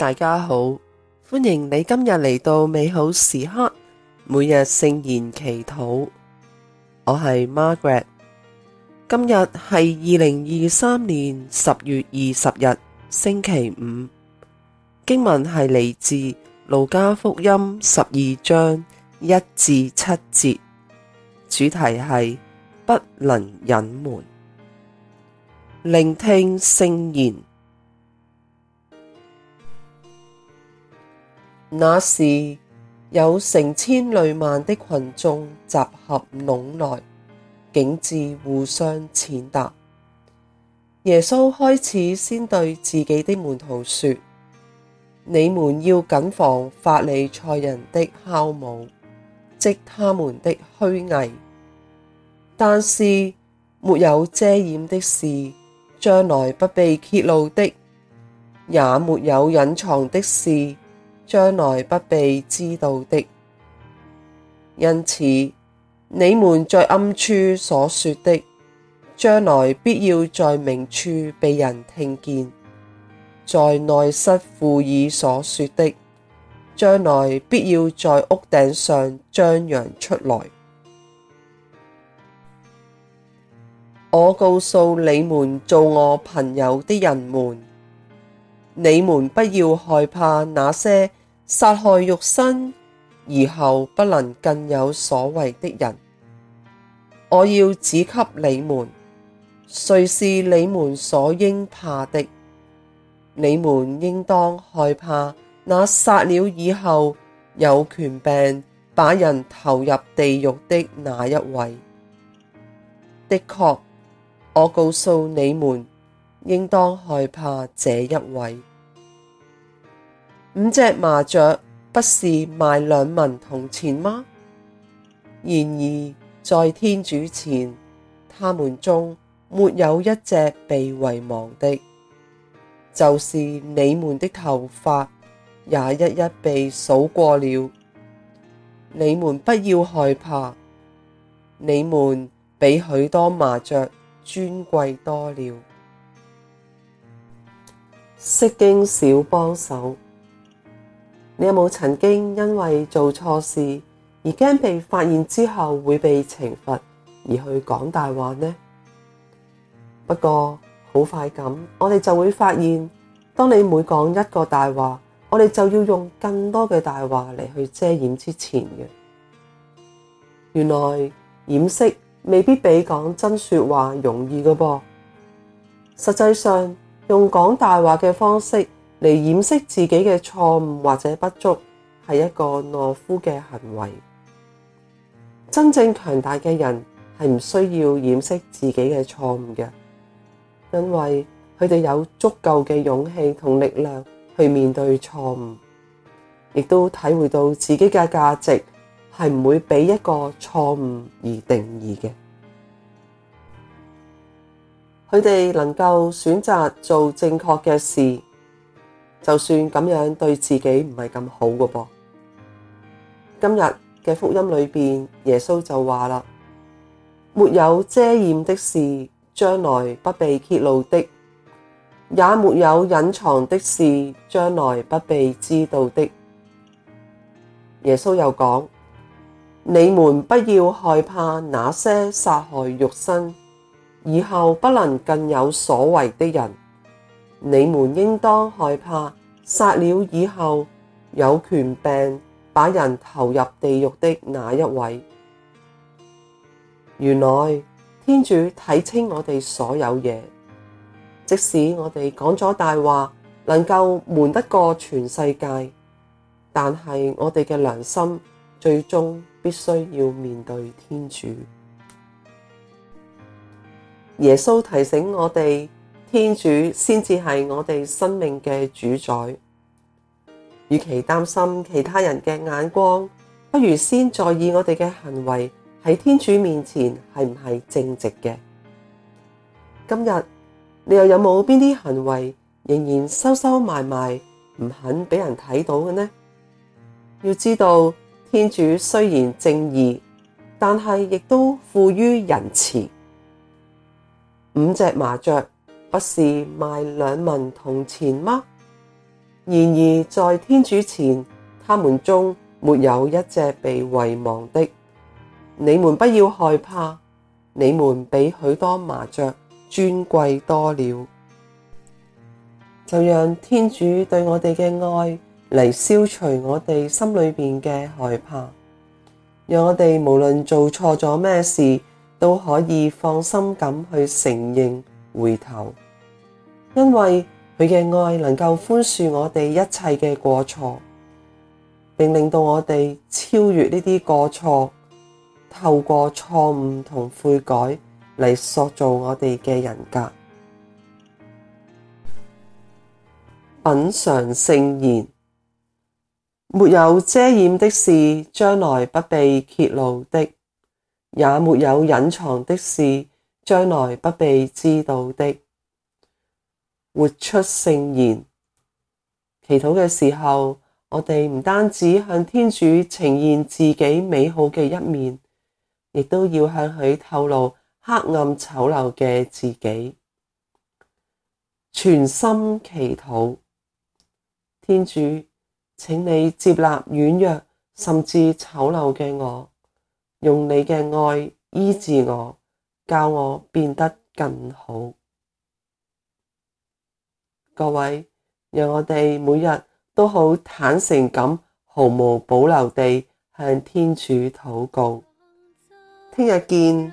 大家好，歡迎你今日嚟到美好時刻每日聖言祈禱。我係 Margaret，今日係二零二三年十月二十日星期五。經文係嚟自路加福音十二章一至七節，主題係不能隱瞞。聆聽聖言。那時有成千累萬的群眾集合攏來，竟至互相踐踏。耶穌開始先對自己的門徒說：你們要謹防法利賽人的酵母，即他們的虛偽。但是，沒有遮掩的事，將來不被揭露的，也沒有隱藏的事。將來不被知道的，因此你們在暗處所說的，將來必要在明處被人聽見；在內室附耳所說的，將來必要在屋頂上張揚出來。我告訴你們，做我朋友的人們，你們不要害怕那些。殺害肉身，而後不能更有所為的人，我要指給你們，誰是你們所應怕的？你們應當害怕那殺了以後有權柄把人投入地獄的那一位。的確，我告訴你們，應當害怕這一位。五隻麻雀不是賣兩文銅錢嗎？然而在天主前，他們中沒有一隻被遺忘的，就是你們的頭髮也一一被數過了。你們不要害怕，你們比許多麻雀尊貴多了。釋經小幫手。你有冇曾經因為做錯事而驚被發現之後會被懲罰而去講大話呢？不過好快咁，我哋就會發現，當你每講一個大話，我哋就要用更多嘅大話嚟去遮掩之前嘅。原來掩飾未必比講真說話容易嘅噃。實際上，用講大話嘅方式。嚟掩飾自己嘅錯誤或者不足，係一個懦夫嘅行為。真正強大嘅人係唔需要掩飾自己嘅錯誤嘅，因為佢哋有足夠嘅勇氣同力量去面對錯誤，亦都體會到自己嘅價值係唔會俾一個錯誤而定義嘅。佢哋能夠選擇做正確嘅事，就算咁樣對自己唔係咁好嘅噃，今日嘅福音裏邊，耶穌就話啦：「沒有遮掩的事，將來不被揭露的；也沒有隱藏的事，將來不被知道的。耶穌又講：「你們不要害怕那些殺害肉身，以後不能更有所為的人。你們應當害怕，殺了以後有權柄，把人投入地獄的那一位。原來天主睇清我哋所有嘢，即使我哋講咗大話，能夠瞞得過全世界，但係我哋嘅良心最終必須要面對天主。耶穌提醒我哋。天主先至係我哋生命嘅主宰，與其擔心其他人嘅眼光，不如先在意我哋嘅行為喺天主面前係唔係正直嘅。今日你又有冇邊啲行為仍然收收埋埋，唔肯俾人睇到嘅呢？要知道，天主雖然正義，但係亦都富於仁慈。五隻麻雀。不是賣兩文銅錢嗎？然而在天主前，他們中沒有一隻被遺忘的。你們不要害怕，你們比許多麻雀尊貴多了。就讓天主對我哋嘅愛嚟消除我哋心裏面嘅害怕，讓我哋無論做錯咗咩事都可以放心咁去承認，回頭，因為佢嘅愛能夠寬恕我哋一切嘅過錯，並令到我哋超越呢啲過錯，透過錯誤同悔改嚟塑造我哋嘅人格。品嘗聖言，沒有遮掩的事，將來不被揭露的，也沒有隱藏的事。將來不被知道的，活出聖言。祈禱嘅時候，我哋唔單止向天主呈現自己美好嘅一面，亦都要向佢透露黑暗醜陋嘅自己。全心祈禱，天主，請你接納軟弱甚至醜陋嘅我，用你嘅愛醫治我。教我變得更好。各位，讓我哋每日都好坦誠咁，毫無保留地向天主禱告。聽日見。